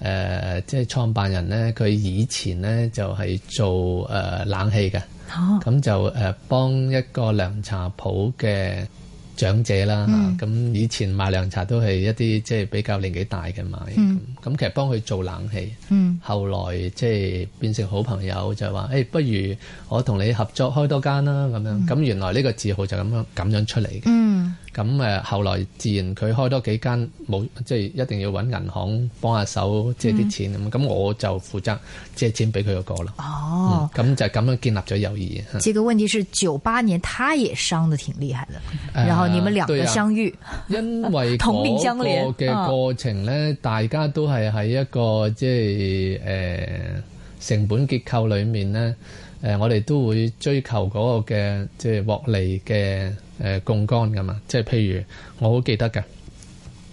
誒、呃、即係創辦人咧，佢以前咧就係、是、做誒、呃、冷氣嘅，咁、哦、就誒、呃、幫一個涼茶鋪嘅長者啦嚇。咁、嗯、以前賣涼茶都係一啲即係比較年紀大嘅賣。咁、嗯、其實幫佢做冷氣，嗯、後來即係變成好朋友，就話誒、欸、不如我同你合作開多間啦咁樣。咁、嗯、原來呢個字號就咁樣咁樣出嚟嘅。嗯咁誒，後來自然佢開多幾間冇，即係一定要揾銀行幫下手借啲錢咁。咁、嗯、我就負責借錢俾佢個哥啦。哦，咁、嗯、就咁樣建立咗友誼。這個問題是九八年，他也傷得挺厲害的，呃、然後你們兩個相遇，啊、因為同病相憐嘅過程呢，哦、大家都係喺一個即係誒、呃、成本結構裡面呢。誒、呃，我哋都會追求嗰個嘅即係獲利嘅誒槓桿㗎嘛。即係譬如我好記得嘅，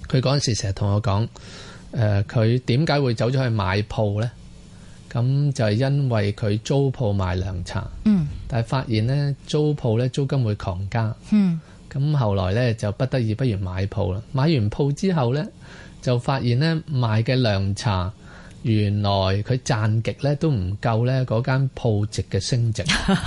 佢嗰陣時成日同我講，誒佢點解會走咗去買鋪咧？咁就係因為佢租鋪賣涼茶。嗯。但係發現咧，租鋪咧租金會狂加。嗯。咁後來咧就不得已不如買鋪啦。買完鋪之後咧，就發現咧賣嘅涼茶。原來佢賺極咧都唔夠咧嗰間鋪值嘅升值，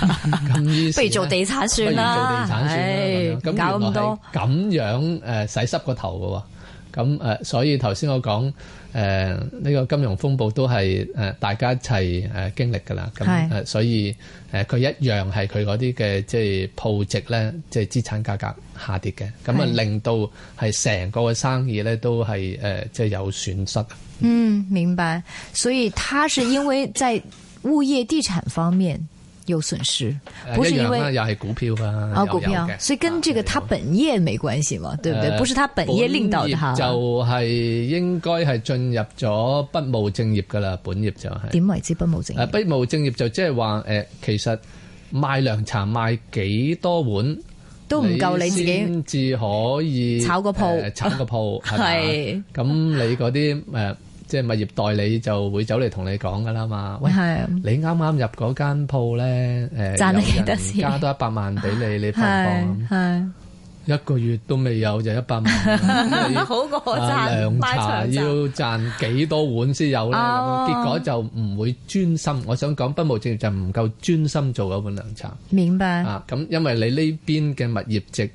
不如做地產算啦，不如做地產算啦，咁搞咁多，原來係咁樣誒洗濕個頭嘅喎。咁誒，所以頭先我講誒呢個金融風暴都係誒大家一齊誒經歷嘅啦。咁誒，所以誒佢一樣係佢嗰啲嘅即係鋪值咧，即係資產價格下跌嘅，咁啊令到係成個嘅生意咧都係誒即係有損失。嗯，明白。所以他係因為在物業地產方面，有損失，不是因為又係股票啊、哦，股票，所以跟這個他本業沒關係嘛，呃、對不對？不是他本業令到他，就係應該係進入咗不務正業噶啦，本業就係點為之不務正業？誒、就是呃，不務正業就即係話誒，其實賣涼茶賣幾多碗都唔夠你自己先至可以炒個鋪，呃，炒個鋪係，咁 你嗰啲誒。呃即係物業代理就會走嚟同你講㗎啦嘛，喂，的你啱啱入嗰間鋪咧，誒、呃、有人加多一百萬俾你，你發放，一個月都未有就一百萬，都 為好過賺涼、啊、茶要賺幾多碗先有咧，哦、結果就唔會專心。我想講不務正業就唔夠專心做一碗涼茶。明白。啊，咁因為你呢邊嘅物業值。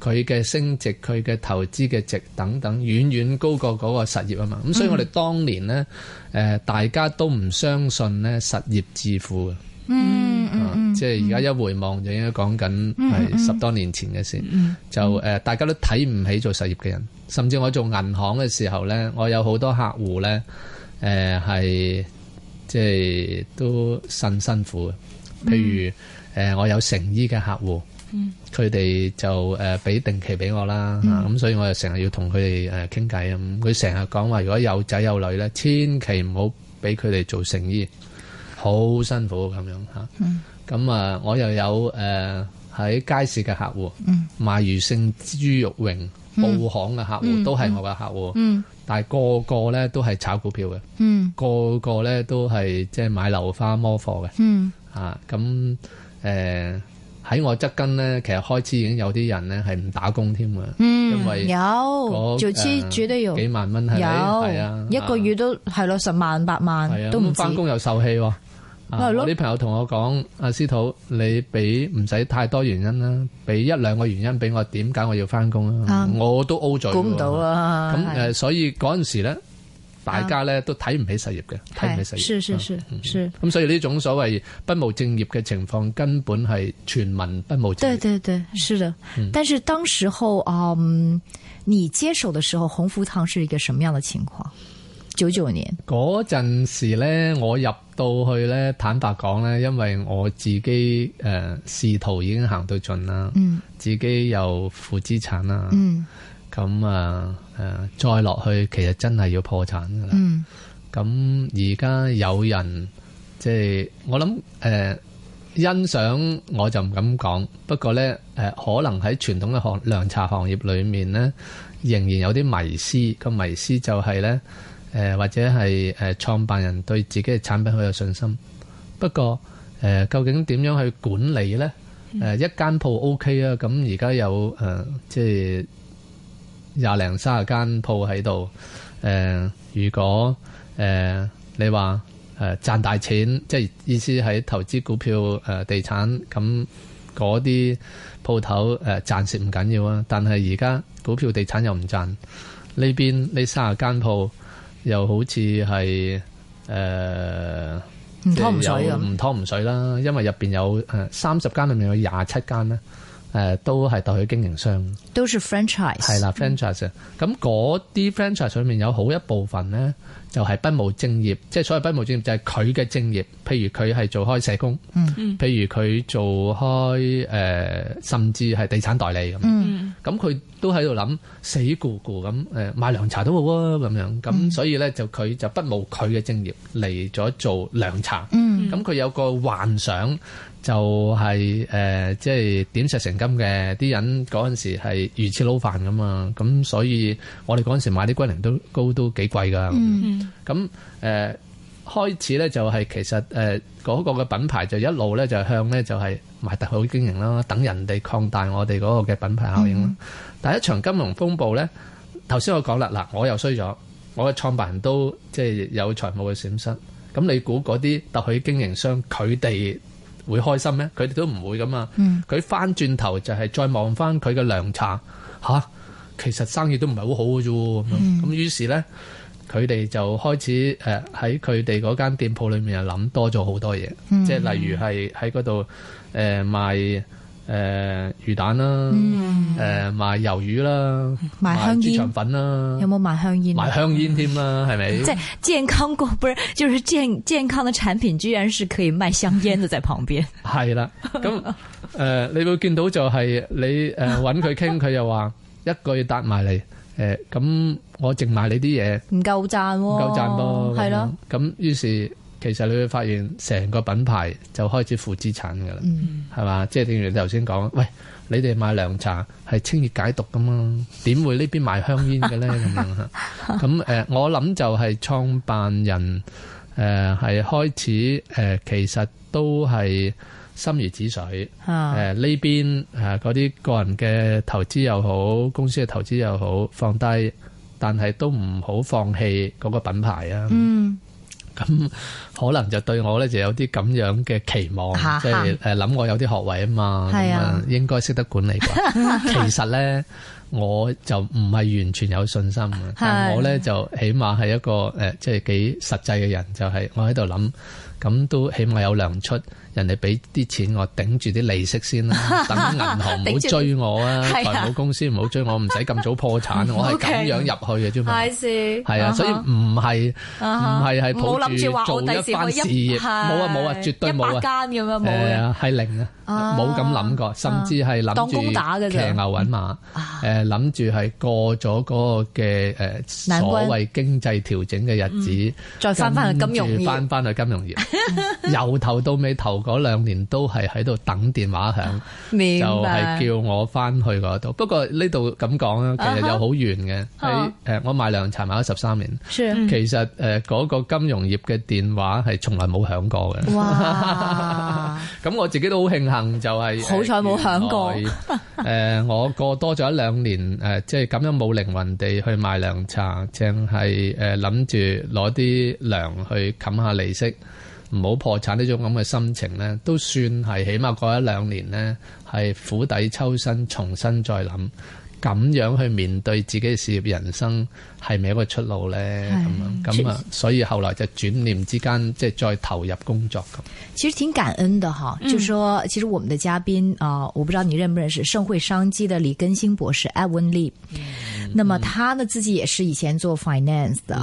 佢嘅升值，佢嘅投資嘅值等等，遠遠高過嗰個實業啊嘛。咁所以我哋當年呢，誒、嗯呃、大家都唔相信呢實業致富嘅、嗯，嗯，啊、即係而家一回望、嗯、就應該講緊係十多年前嘅事，嗯嗯、就誒、呃、大家都睇唔起做實業嘅人，甚至我做銀行嘅時候呢，我有好多客戶呢，誒、呃、係即係都甚辛苦嘅，譬如誒、呃、我有成衣嘅客戶。佢哋 就誒俾定期俾我啦，咁所以我就成日要同佢哋誒傾偈。咁佢成日講話，如果有仔有女咧，千祈唔好俾佢哋做成衣，好辛苦咁樣吓。咁啊，我又有誒喺、呃、街市嘅客戶，賣魚勝、豬肉榮、布行嘅客戶都係我嘅客戶。嗯嗯嗯、但係個個咧都係炒股票嘅，個個咧都係即係買樓花摩貨嘅。嗯、啊，咁誒。呃喺我側跟咧，其實開始已經有啲人咧係唔打工添嘅，因為做車住都要有幾萬蚊，係咪係啊？一個月都係咯，十萬八萬都唔翻工又受氣。我啲朋友同我講：阿司徒，你俾唔使太多原因啦，俾一兩個原因俾我，點解我要翻工啊？我都 O 咗，估唔到啊。咁誒，所以嗰陣時咧。大家咧都睇唔起實業嘅，睇唔起實業。是是是是。咁、嗯、所以呢種所謂不務正業嘅情況，根本係全民不務正業。對對對，是的。嗯、但是當時候，嗯，你接手的時候，鴻福堂是一個什麼樣的情況？九九年嗰陣時呢，我入到去呢，坦白講呢，因為我自己誒仕途已經行到盡啦，嗯、自己又負資產啦，嗯。咁啊，誒，再落去其實真係要破產噶啦。咁而家有人即係我諗誒，欣賞我就唔敢講。不過呢誒，可能喺傳統嘅行涼茶行業裏面呢，仍然有啲迷思。個迷思就係呢，誒或者係誒創辦人對自己嘅產品好有信心。不過誒，究竟點樣去管理呢？誒，一間鋪 OK 啊。咁而家有誒即係。廿零三十間鋪喺度，誒、呃，如果誒、呃、你話誒賺大錢，即係意思喺投資股票誒、呃、地產咁嗰啲鋪頭誒暫時唔緊要啊，但係而家股票地產又唔賺，呢邊呢三十間鋪又好似係誒唔拖唔水咁，唔拖唔水啦，因為入邊有誒三十間裏面有廿七間咧。呃誒都係代佢經營商，都是 franchise，係啦 franchise。咁嗰啲 franchise 上面有好一部分呢，就係、是、不務正業，即、就、係、是、所謂不務正業就係佢嘅正業，譬如佢係做開社工，嗯嗯，譬如佢做開誒、呃，甚至係地產代理咁，嗯，咁佢都喺度諗死咕咕咁誒賣涼茶都好啊咁樣，咁所以呢，就佢就不務佢嘅正業嚟咗做涼茶，嗯，咁佢有個幻想。就係、是、誒、呃，即係點石成金嘅啲人嗰陣時係魚翅撈飯咁啊，咁所以我哋嗰陣時買啲龜苓都高都幾貴㗎。咁誒、嗯嗯呃、開始呢，就係、是、其實誒嗰、呃那個嘅品牌就一路呢，就向呢，就係、是、賣特許經營啦，等人哋擴大我哋嗰個嘅品牌效應啦。嗯嗯，第一場金融風暴呢，頭先我講啦嗱，我又衰咗，我嘅創辦人都即係有財務嘅損失。咁你估嗰啲特許經營商佢哋？他們他們會開心咩？佢哋都唔會噶嘛。佢翻轉頭就係再望翻佢嘅涼茶嚇、啊，其實生意都唔係好好嘅啫。咁、嗯、於是咧，佢哋就開始誒喺佢哋嗰間店鋪裏面又諗多咗好多嘢，嗯、即係例如係喺嗰度誒賣。誒、呃，魚蛋啦，誒賣魷魚啦，賣、嗯、豬腸粉啦，有冇賣香煙？賣香煙添啦，係咪？即係健康個，唔係，就係健健康的產品，居然是可以賣香煙的， 的，在旁邊。係啦，咁誒，你會見到就係你誒揾佢傾，佢又話一個月答埋嚟，誒，咁我淨賣你啲嘢，唔夠賺，唔夠賺咯，係咯，咁於是。其實你會發現成個品牌就開始負資產嘅啦，係嘛、嗯？即係正如你頭先講，喂，你哋賣涼茶係清熱解毒㗎嘛，點會呢邊賣香煙嘅咧？咁 樣咁誒、呃，我諗就係創辦人誒，係、呃、開始誒、呃，其實都係心如止水誒，呢、啊呃、邊誒嗰啲個人嘅投資又好，公司嘅投資又好放低，但係都唔好放棄嗰個品牌啊。嗯。咁可能就對我咧就有啲咁樣嘅期望，即係誒諗我有啲學位啊嘛， 應該識得管理啩。 其實咧，我就唔係完全有信心嘅， 但係我咧就起碼係一個誒即係幾實際嘅人，就係、是、我喺度諗。咁都起碼有糧出，人哋俾啲錢我頂住啲利息先啦，等銀行唔好追我啊， 著財務公司唔好追我，唔使咁早破產， 我係咁樣入去嘅啫嘛。係先，係啊，所以唔係唔係係抱住做一番事業，冇啊冇啊，絕對冇啊，間咁樣冇啊，係零啊。冇咁諗過，甚至係諗住騎牛揾馬，誒諗住係過咗嗰個嘅誒所謂經濟調整嘅日子，再翻翻去金融業，翻翻去金融業，由頭到尾頭嗰兩年都係喺度等電話響，就係叫我翻去嗰度。不過呢度咁講啦，其實有好遠嘅。喺誒我賣涼茶賣咗十三年，其實誒嗰個金融業嘅電話係從來冇響過嘅。哇！咁我自己都好慶幸。就係好彩冇響過，誒、 呃，我過多咗一兩年，誒、呃，即係咁樣冇靈魂地去賣涼茶，淨係誒諗住攞啲糧去冚下利息，唔好破產呢種咁嘅心情呢，都算係起碼過一兩年呢，係釜底抽薪，重新再諗，咁樣去面對自己嘅事業人生。係咪一個出路咧？咁樣咁啊，所以後來就轉念之間，即係再投入工作咁。其實挺感恩的哈，就說其實我們的嘉賓啊，我不知道你認不認識盛匯商機的李根興博士 Edwin Lee。那麼他呢自己也是以前做 finance 的，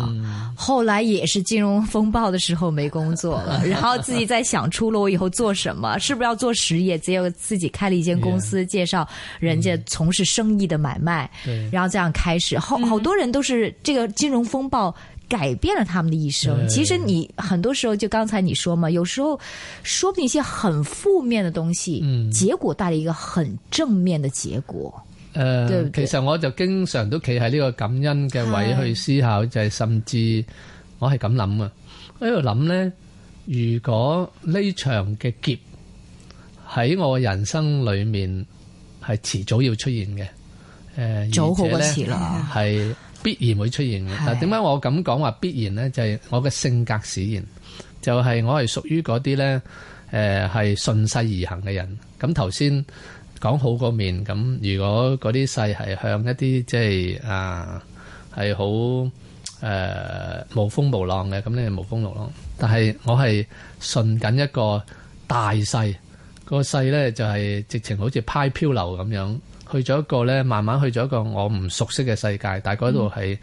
後來也是金融風暴的時候沒工作，然後自己在想出路我以後做什麼，是不是要做實業？只有自己開了一間公司，介紹人家從事生意的買賣，然後這樣開始。好好多人都是。這個金融風暴改變了他們的一生。其實你很多時候，就剛才你說嘛，有時候說不定一些很負面的東西，嗯，結果帶來一個很正面的結果。誒、呃，對對，其實我就經常都企喺呢個感恩嘅位去思考，啊、就甚至我係咁諗啊，我喺度諗呢，如果呢場嘅劫喺我人生裏面係遲早要出現嘅，誒、呃，早好過遲啦，係、啊。必然會出現嘅。的但點解我咁講話必然呢？就係、是、我嘅性格使然，就係、是、我係屬於嗰啲呢誒係順勢而行嘅人。咁頭先講好個面，咁如果嗰啲勢係向一啲即係啊係好誒無風無浪嘅，咁咧無風無浪。但係我係順緊一個大勢，個勢呢就係直情好似派漂流咁樣。去咗一個咧，慢慢去咗一個我唔熟悉嘅世界，但係嗰度係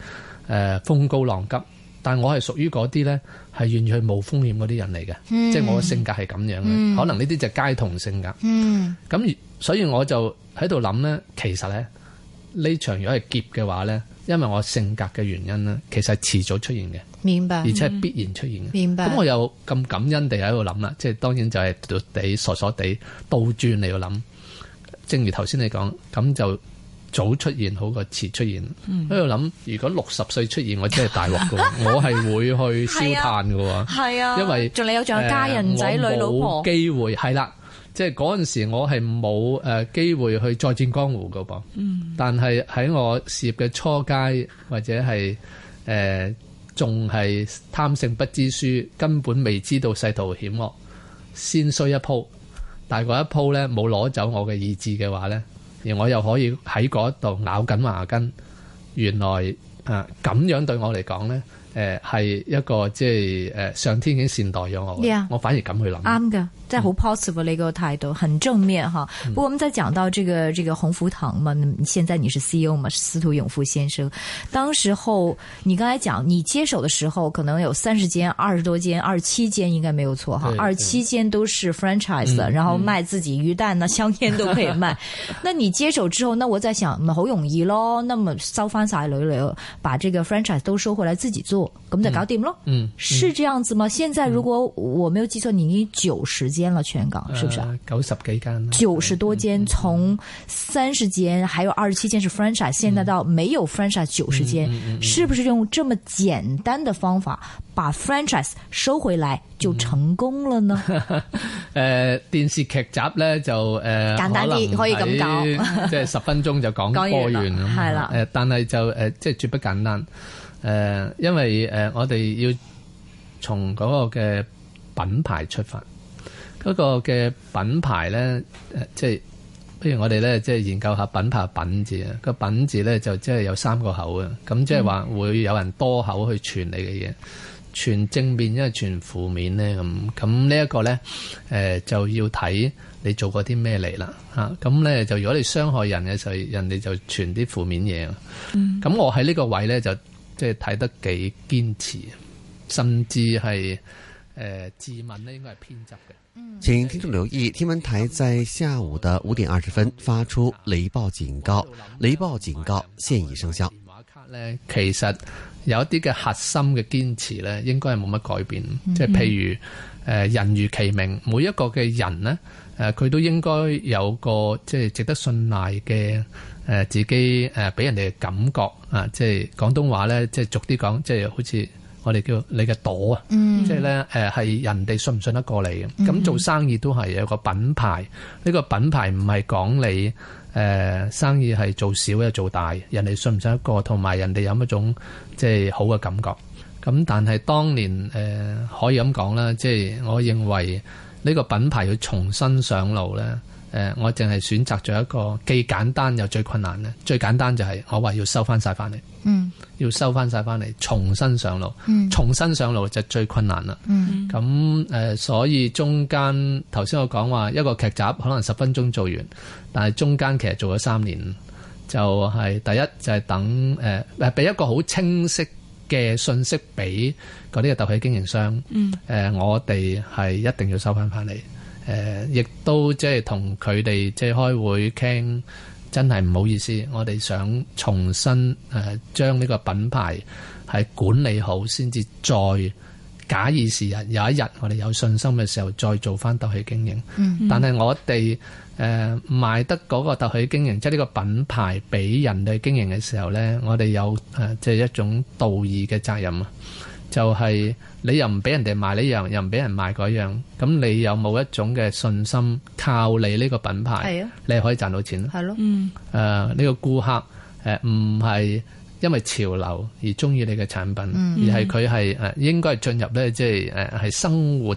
誒風高浪急。但我係屬於嗰啲咧係願意去冒風險嗰啲人嚟嘅，嗯、即係我嘅性格係咁樣嘅。嗯、可能呢啲就街童性格。咁、嗯、所以我就喺度諗咧，其實咧呢場如果係劫嘅話咧，因為我性格嘅原因咧，其實遲早出現嘅，明白而且必然出現嘅，嗯。明白。咁我有咁感恩地喺度諗啦，即係當然就係地傻傻地倒轉嚟度諗。正如頭先你講，咁就早出現好過遲出現。喺度諗，如果六十歲出現，我真係大鑊噶， 我係會去燒炭噶喎。 啊，啊因為仲你有仲有家人仔女老婆、呃、機會係啦，即係嗰陣時我係冇誒機會去再戰江湖噶噃。嗯、但係喺我事業嘅初階或者係誒仲係貪勝不知輸，根本未知道世途險惡，先衰一鋪。但係嗰一鋪咧，冇攞走我嘅意志嘅話咧，而我又可以喺嗰度咬緊牙根。原來啊，咁樣對我嚟講咧。誒係、呃、一個即係誒、呃、上天已經善待咗我，Yeah. 我反而噉去諗啱嘅，即係好 positive s 你個態度，很正面嚇。不過我們在講到這個這個鴻福堂嘛，現在你是 CEO 嘛，司徒永富先生。當時候你剛才講你接手的時候，可能有三十間二十多間二十七間應該沒有錯哈。二十七間都是 franchise、嗯、然後賣自己魚蛋、呢、嗯、香煙都可以賣。 那你接手之後，那我在想，好容易咯，那麼收翻晒嚟嚟，把這個 franchise 都收回來自己做。咁就搞掂咯，嗯，是這樣子嗎？現在如果我沒有記錯，你已經九十間了全港，是不是？九十幾間，九十多間，從三十間，還有二十七間是 franchise，現在到沒有 franchise，九十間，是不是用這麼簡單的方法把 franchise 收回來就成功了呢？誒，電視劇集咧就誒簡單啲，可以咁講，即係十分鐘就講過完咁樣，誒，但係就誒，即係絕不簡單。誒、呃，因為誒、呃，我哋要從嗰個嘅品牌出發，嗰、那個嘅品牌咧、呃，即係，不如我哋咧，即係研究下品牌品字啊，嗰個品字咧就即係有三個口啊，咁即係話會有人多口去傳你嘅嘢，傳正面，因為傳負面咧，咁，咁呢一個咧，誒，就要睇你做過啲咩嚟啦，吓、啊，咁咧就如果你傷害人嘅時候，人哋就傳啲負面嘢啊，咁我喺呢個位咧就。即係睇得幾堅持，甚至係誒、呃、自問咧，應該係偏執嘅。嗯，請聽眾留意，天文台在下午的五點二十分發出雷暴警告，雷暴警告現已生效。其實有一啲嘅核心嘅堅持咧，應該係冇乜改變，嗯、即係譬如誒、呃、人如其名，每一個嘅人咧。誒佢、呃、都應該有個即係值得信賴嘅誒、呃、自己誒俾、呃、人哋嘅感覺啊！即係廣東話咧，即係俗啲講，即係好似我哋叫你嘅朵啊！嗯、即係咧誒係人哋信唔信得過你嘅？咁、嗯、做生意都係有個品牌，呢、呢個品牌唔係講你誒、呃、生意係做小又做大，人哋信唔信得過，同埋人哋有一種即係好嘅感覺。咁但係當年誒、呃、可以咁講啦，即係我認為。呢個品牌要重新上路呢，誒、呃，我淨係選擇咗一個既簡單又最困難咧。最簡單就係我話要收翻晒翻嚟，嗯，要收翻晒翻嚟，重新上路，嗯、重新上路就最困難啦，嗯，咁誒、呃，所以中間頭先我講話一個劇集可能十分鐘做完，但係中間其實做咗三年，就係、是、第一就係等誒，俾、呃、一個好清晰。嘅信息俾嗰啲嘅特許經營商，誒、嗯呃、我哋係一定要收翻返嚟，誒、呃、亦都即係同佢哋即係開會傾，真係唔好意思，我哋想重新誒、呃、將呢個品牌係管理好先至再。假以時日，有一日我哋有信心嘅時候，再做翻特許經營。嗯嗯、但係我哋誒賣得嗰個特許經營，即係呢個品牌俾人哋經營嘅時候呢，我哋有誒即係一種道義嘅責任啊！就係、是、你又唔俾人哋賣呢樣，又唔俾人賣嗰樣，咁你有冇一種嘅信心靠你呢個品牌，的你可以賺到錢咧？係咯，誒、嗯、呢、呃呢個顧客唔係。呃因為潮流而中意你嘅產品，嗯、而係佢係誒，應該係進入咧，即係誒，係生活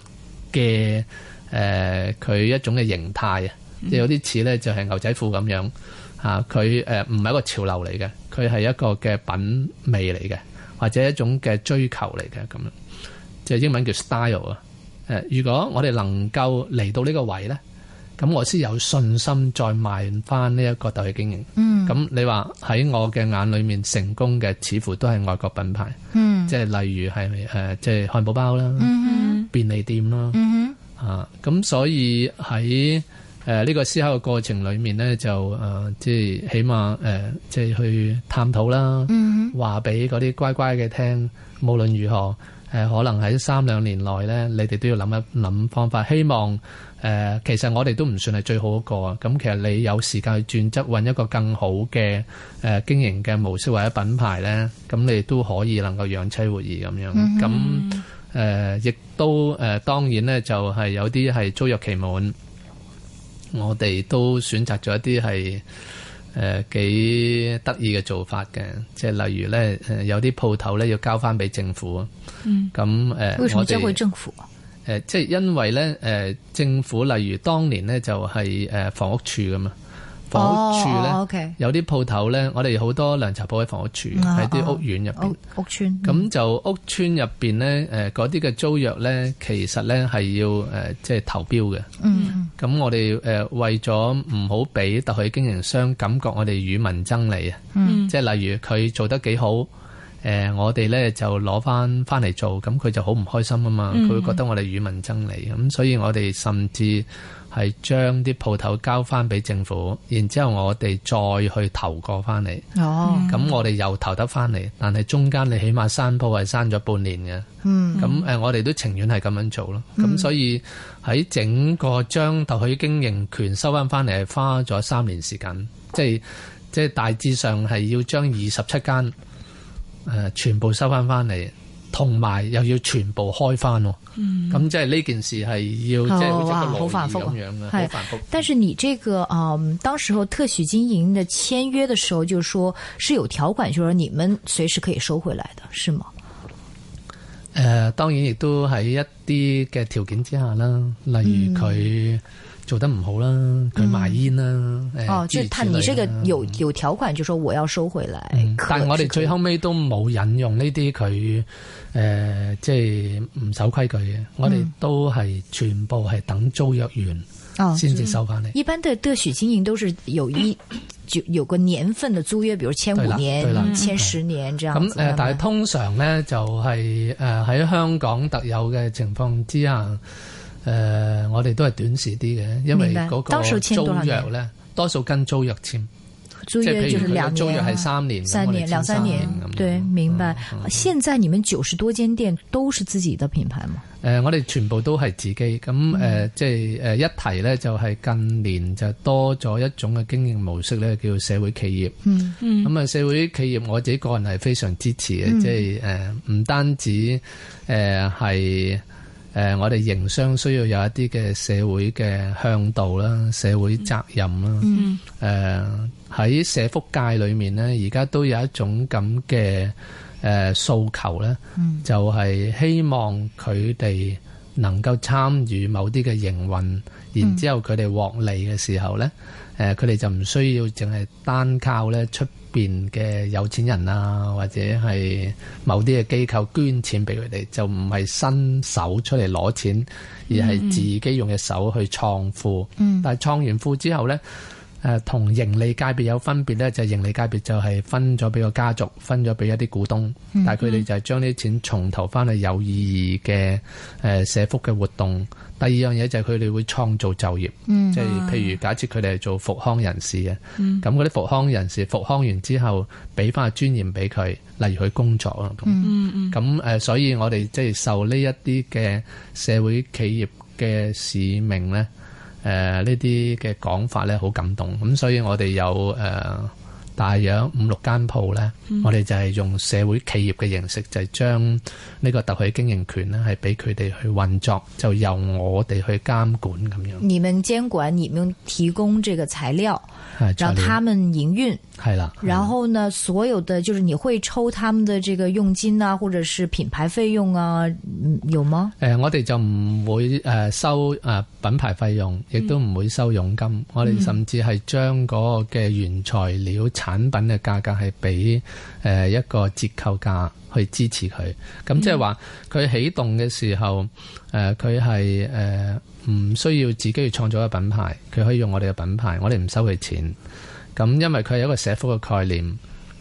嘅誒，佢、呃、一種嘅形態、就是、啊，即係有啲似咧就係牛仔褲咁樣吓，佢誒唔係一個潮流嚟嘅，佢係一個嘅品味嚟嘅，或者一種嘅追求嚟嘅咁樣，即、就、係、是、英文叫 style 啊。誒，如果我哋能夠嚟到呢個位咧。咁我先有信心再賣翻呢一個豆去經營。咁、嗯、你話喺我嘅眼裏面成功嘅似乎都係外國品牌，即係、嗯、例如係誒即係漢堡包啦、嗯嗯、便利店啦嚇。咁、嗯嗯啊、所以喺誒呢個思考嘅過程裏面咧，就誒即係起碼誒即係去探討啦，話俾嗰啲乖乖嘅聽，無論如何。誒可能喺三兩年內呢，你哋都要諗一諗方法。希望誒、呃，其實我哋都唔算係最好一個啊。咁、嗯、其實你有時間去轉質，揾一個更好嘅誒、呃、經營嘅模式或者品牌呢，咁、嗯、你都可以能夠養妻活兒咁樣。咁、嗯、誒、嗯呃，亦都誒、呃，當然呢，就係、是、有啲係租約期滿，我哋都選擇咗一啲係。誒，幾得意嘅做法嘅，即係例如咧，誒、呃，有啲鋪頭咧要交翻俾政府，嗯，咁誒為咩交俾政府啊，誒，即係因為咧，誒、呃，政府例如當年咧就係、是、誒、呃，房屋署咁嘛。房屋處咧，oh, okay. 有啲鋪頭咧，我哋好多涼茶鋪喺房屋處，喺啲屋苑入邊，oh, oh. 屋村。咁就屋村入邊咧，誒，嗰啲嘅租約咧，其實咧係要誒，即係投標嘅。嗯。Mm. 咁我哋誒為咗唔好俾特許經營商感覺我哋與民爭利啊。嗯。Mm. 即係例如佢做得幾好。誒、呃，我哋呢就攞翻翻嚟做，咁佢就好唔開心啊嘛，佢、嗯、會覺得我哋與民爭利，咁所以我哋甚至係將啲鋪頭交翻俾政府，然之後我哋再去投過翻嚟，哦，咁我哋又投得翻嚟，但係中間你起碼閂鋪係閂咗半年嘅，嗯，咁誒、呃，我哋都情願係咁樣做咯，咁、嗯、所以喺整個將特許經營權收翻翻嚟，係花咗三年時間，即係即係大致上係要將二十七間。誒全部收翻翻嚟，同埋又要全部開翻喎。咁、嗯、即係呢件事係要、哦、即係好繁複咁樣嘅的。但是你呢、這個嗯，當時候特許經營的簽約嘅時候就，就說是有條款，就說你們隨時可以收回來嘅，是嘛？誒、呃、當然亦都喺一啲嘅條件之下啦，例如佢做得唔好啦，佢、嗯、賣煙啦、諸如此類啦、啊，哦，即係睇你呢個有有條款，就說我要收回來。但我哋最後尾都冇引用呢啲佢誒，即係唔守規矩嘅。嗯、我哋都係全部係等租約完。嗯先至收翻嚟，嗯。一般的特許經營都是有一就有個年份嘅租約，比如簽五年、簽十、嗯、年這樣。咁誒、嗯嗯嗯嗯，但係通常咧，就係誒喺香港特有嘅情況之下，誒、呃、我哋都係短時啲嘅，因為嗰個租約咧，多數跟租約簽。租約就係三年，三年兩三年，對，明白。嗯、現在你們九十多間店都是自己的品牌嗎？誒、呃，我哋全部都係自己。咁誒，即係一提呢，就係、是呃、近年就多咗一種嘅經營模式呢，叫社會企業。咁啊、嗯，社會企業我自己個人係非常支持嘅，嗯、即係唔、呃、單止誒係。呃誒、呃，我哋營商需要有一啲嘅社會嘅向導啦，社會責任啦。誒、嗯，喺、呃、社福界裏面咧，而家都有一種咁嘅誒訴求咧，嗯、就係希望佢哋能夠參與某啲嘅營運，然之後佢哋獲利嘅時候咧。嗯嗯誒，佢哋就唔需要淨係單靠咧出邊嘅有錢人啊，或者係某啲嘅機構捐錢俾佢哋，就唔係伸手出嚟攞錢，而係自己用嘅手去創富。嗯，但係創完富之後咧。誒，同盈利界別有分別咧，就係、是、盈利界別就係分咗俾個家族，分咗俾一啲股東，嗯、哼但係佢哋就係將啲錢重投翻去有意義嘅誒、呃、社福嘅活動。第二樣嘢就係佢哋會創造就業，即係、嗯、哼譬如假設佢哋係做復康人士嘅，咁嗰啲復康人士復康完之後，俾翻個尊嚴俾佢，例如去工作啊。咁誒、嗯哼呃，所以我哋即係受呢一啲嘅社會企業嘅使命咧。誒，呢啲嘅講法咧，好感動咁，嗯，所以我哋有誒，呃大約五六間鋪呢，嗯、我哋就係用社會企業嘅形式，就係將呢個特許經營權呢，係俾佢哋去運作，就由我哋去監管咁樣。你們監管你們提供這個材料，讓、啊、他們營運，係啦的。然後呢，的所有的就是你會抽他們的這個佣金啊，或者是品牌費用啊，有嗎？誒、呃，我哋就唔會誒收誒品牌費用，亦都唔會收佣金。嗯、我哋甚至係將嗰個嘅原材料。產品嘅價格係俾誒一個折扣價去支持佢，咁即係話佢起動嘅時候，誒佢係誒唔需要自己去創造一個品牌，佢可以用我哋嘅品牌，我哋唔收佢錢。咁因為佢係一個社福嘅概念，誒、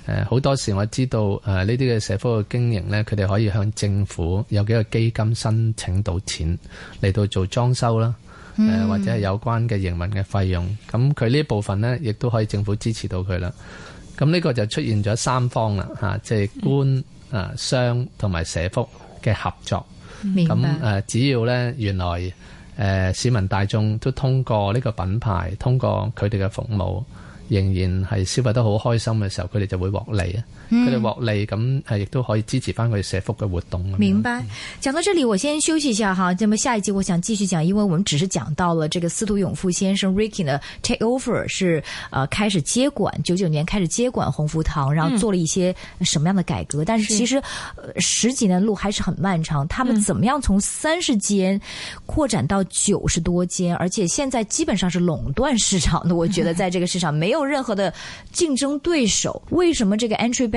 呃、好多時我知道誒呢啲嘅社福嘅經營呢，佢哋可以向政府有幾個基金申請到錢嚟到做裝修啦。誒或者係有關嘅營運嘅費用，咁佢呢一部分呢亦都可以政府支持到佢啦。咁呢個就出現咗三方啦，嚇、啊，即係官、啊、嗯、商同埋社福嘅合作。明白。咁誒，只要呢，原來誒市民大眾都通過呢個品牌，通過佢哋嘅服務，仍然係消費得好開心嘅時候，佢哋就會獲利啊。嗯，佢哋獲利咁係，亦都可以支持翻佢社福嘅活動。明白。講、嗯、到這裏，我先休息一下哈。那麼下一集我想繼續講，因為我們只是講到了這個司徒永富先生 Ricky 嘅 takeover 是，誒、呃、開始接管九九年開始接管鴻福堂，然後做了一些什麼樣的改革。嗯、但是其實、呃，十幾年路還是很漫長。他們怎麼樣從三十間擴展到九十多間，而且現在基本上是壟斷市場的。我覺得在這個市場沒有任何的競爭對手。為什麼這個 entry？